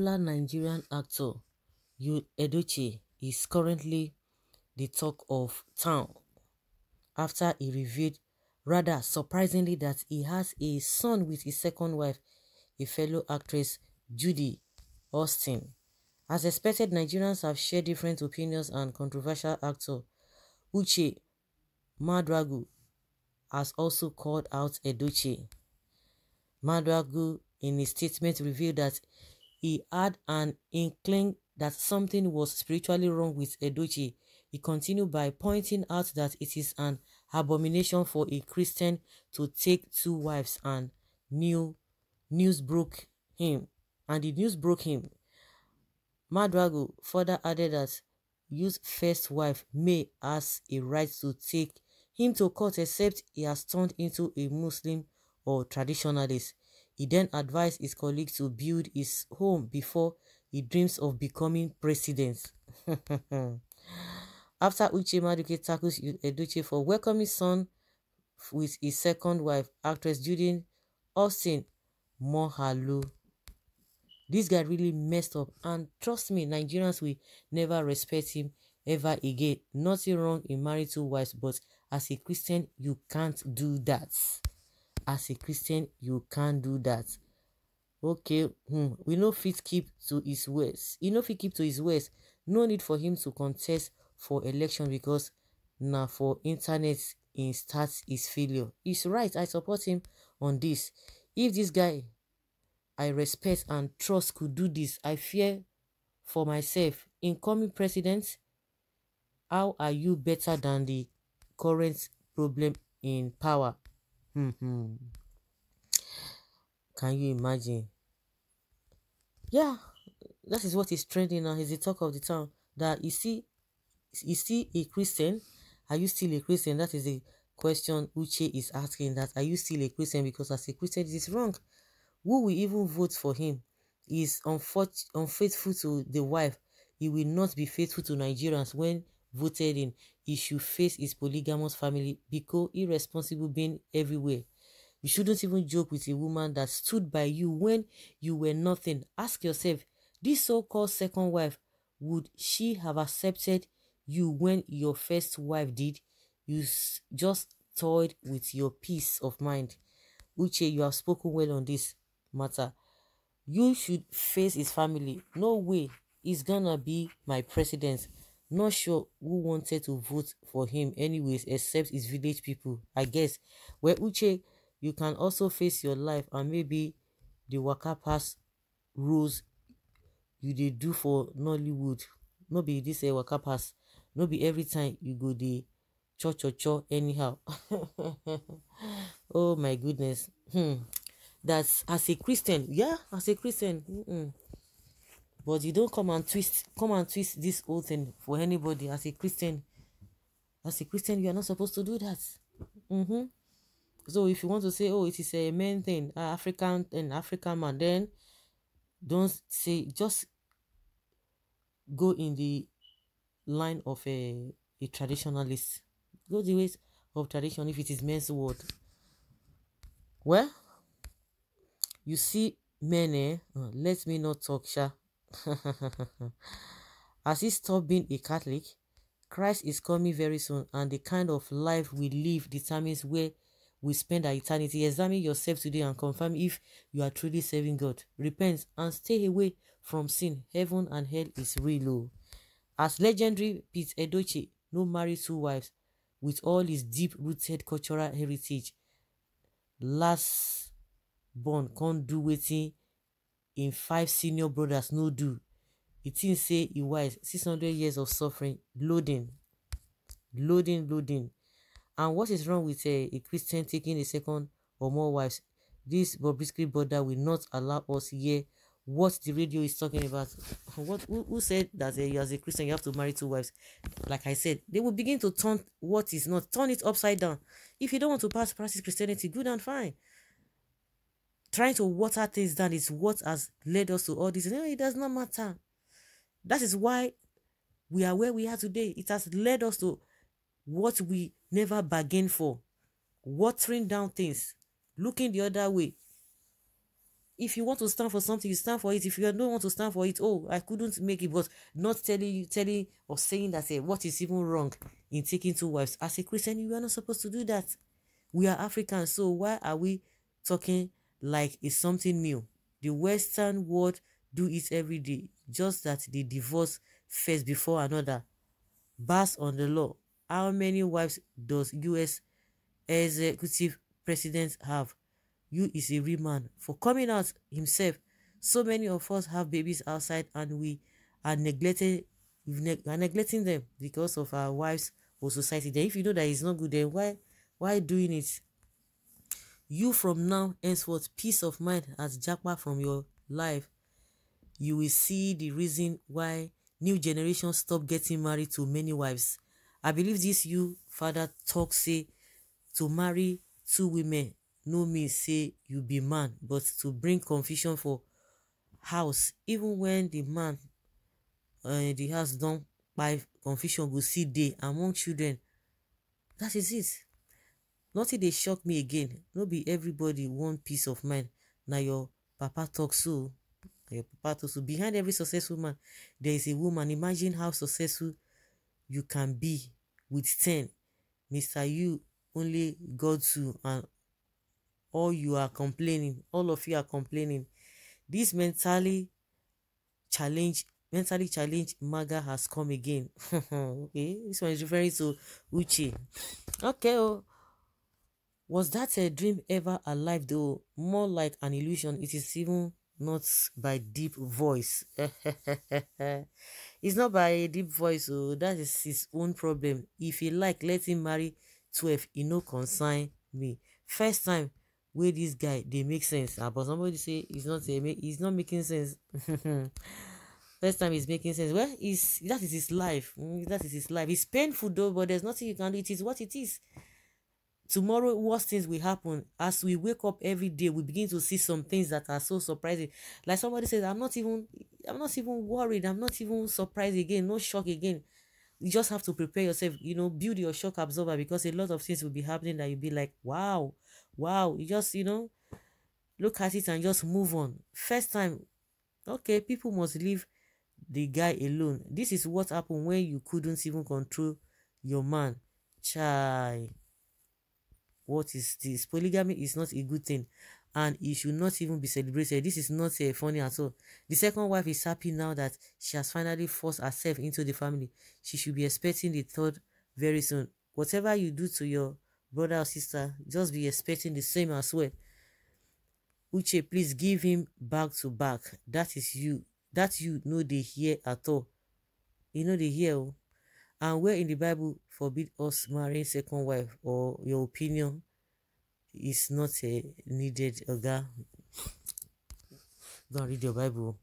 popular Nigerian actor Yul Edochie is currently the talk of town after he revealed rather surprisingly that he has a son with his second wife, a fellow actress Judy Austin. As expected, Nigerians have shared different opinions on controversial actor Uche Madragu has also called out Edochie. Madragu in his statement revealed that he had an inkling that something was spiritually wrong with Educhi. He continued by pointing out that it is an abomination for a Christian to take two wives and new news broke him and the news broke him. Madwago further added that Yu's first wife may has a right to take him to court except he has turned into a Muslim or traditionalist. He then advised his colleagues to build his home before he dreams of becoming president. After Uche Maduke tackles Edochie for welcoming son with his second wife, actress Judy Austin Mohalu. This guy really messed up and trust me, Nigerians will never respect him ever again. Nothing wrong in marrying two wives, but as a Christian, you can't do that as a Christian you can't do that okay hmm, we no fit keep to his words he no fit keep to his words no need for him to contest for election because na for internet im start his failure he's right i support him on this if this guy i respect and trust could do this i fear for myself incoming president how are you better than the current problem in power Hmm, hmm Can you imagine? Yeah, that is what is trending now. Is the talk of the town that you see, you see a Christian. Are you still a Christian? That is a question Uche is asking. That are you still a Christian? Because as a Christian, it is wrong. Who will even vote for him? He is unfaithful to the wife. He will not be faithful to Nigerians when voted in, he should face his polygamous family because irresponsible being everywhere. You shouldn't even joke with a woman that stood by you when you were nothing. Ask yourself, this so-called second wife, would she have accepted you when your first wife did? You just toyed with your peace of mind. Uche, you have spoken well on this matter. You should face his family. No way. He's gonna be my president. Not sure who wanted to vote for him anyways except his village people, I guess. Where Uche, you can also face your life and maybe the waka pass rules you dey do for Nollywood. No be this a eh, waka pass. No be every time you go dey cho cho cho anyhow. oh my goodness. Hmm. That's as a Christian, yeah, as a Christian. Mm-mm. But you don't come and twist, come and twist this whole thing for anybody as a Christian. As a Christian, you are not supposed to do that. Mm-hmm. So if you want to say, oh, it is a main thing, uh, African and African man, then don't say just go in the line of a, a traditionalist. Go the ways of tradition if it is men's word. Well, you see, men, Uh, let me not talk, sha. Has it stopped being a Catholic? Christ is coming very soon, and the kind of life we live determines where we spend our eternity. Examine yourself today and confirm if you are truly serving God. Repent and stay away from sin. Heaven and hell is real. Oh. As legendary Pete Edochie, no married two wives, with all his deep-rooted cultural heritage, last born can't do wetin im five senior brothers no do e think say e wise six hundred years of suffering loading loading loading and what is wrong with uh, a christian taking a second or more wives this bobrisky brother will not allow us hear what the radio is talking about what who, who said that uh, as a christian you have to marry two wives like i said they will begin to turn what is not turn it upside down if you don't want to pass practice christianity good and fine trying to water things down is what has led us to all this. No, it does not matter. That is why we are where we are today. It has led us to what we never bargained for. Watering down things, looking the other way. If you want to stand for something, you stand for it. If you don't want to stand for it, oh, I couldn't make it, but not telling you, telling or saying that hey, eh, what is even wrong in taking two wives. As a Christian, you are not supposed to do that. We are Africans, so why are we talking like it's something new. The Western world do it every day, just that they divorce first before another. Based on the law, how many wives does U.S. executive president have? You is a real man for coming out himself. So many of us have babies outside and we are neglecting, we are neglecting them because of our wives or society. Then if you know that it's not good, then why why doing it? You from now henceforth peace of mind as japa from your life. You will see the reason why new generation stop getting married to many wives. I believe this you father talk say to marry two women no mean say you be man but to bring confusion for house even when the man uh, the house don kpai confusion go still dey among children that is it nothing dey shock me again no be everybody want peace of mind na your papa talk so na your papa talk so behind every successful man there is a woman imagine how successful you can be with ten mr you only god too and all you are complaining all of you are complaining this mentally challenge mentally challenge, maga has come again okay eh? this one is referring to uche okay oh Was that a dream ever alive though? More like an illusion. It is even not by deep voice. it's not by a deep voice, so oh. that is his own problem. If he like, let him marry 12. He e no consign me. First time where this guy They make sense. Ah, but somebody say it's not a make it's not making sense. First time it's making sense. Well, is that is his life. Mm, that is his life. It's painful though, but there's nothing you can do. It is what it is tomorrow worse things will happen as we wake up every day we begin to see some things that are so surprising like somebody says i'm not even i'm not even worried i'm not even surprised again no shock again you just have to prepare yourself you know build your shock absorber because a lot of things will be happening that you'll be like wow wow you just you know look at it and just move on first time okay people must leave the guy alone this is what happened when you couldn't even control your man chai what is this polygamy is not a good thing and it should not even be celebrated this is not uh, funny at all the second wife is happy now that she has finally forced herself into the family she should be expecting the third very soon whatever you do to your brother or sister just be expecting the same as well uche please give him back to back that is you that you no dey hear at all you no dey hear o And where in the Bible forbid us marrying second wife or your opinion is not a needed, Oga? Don't read your Bible.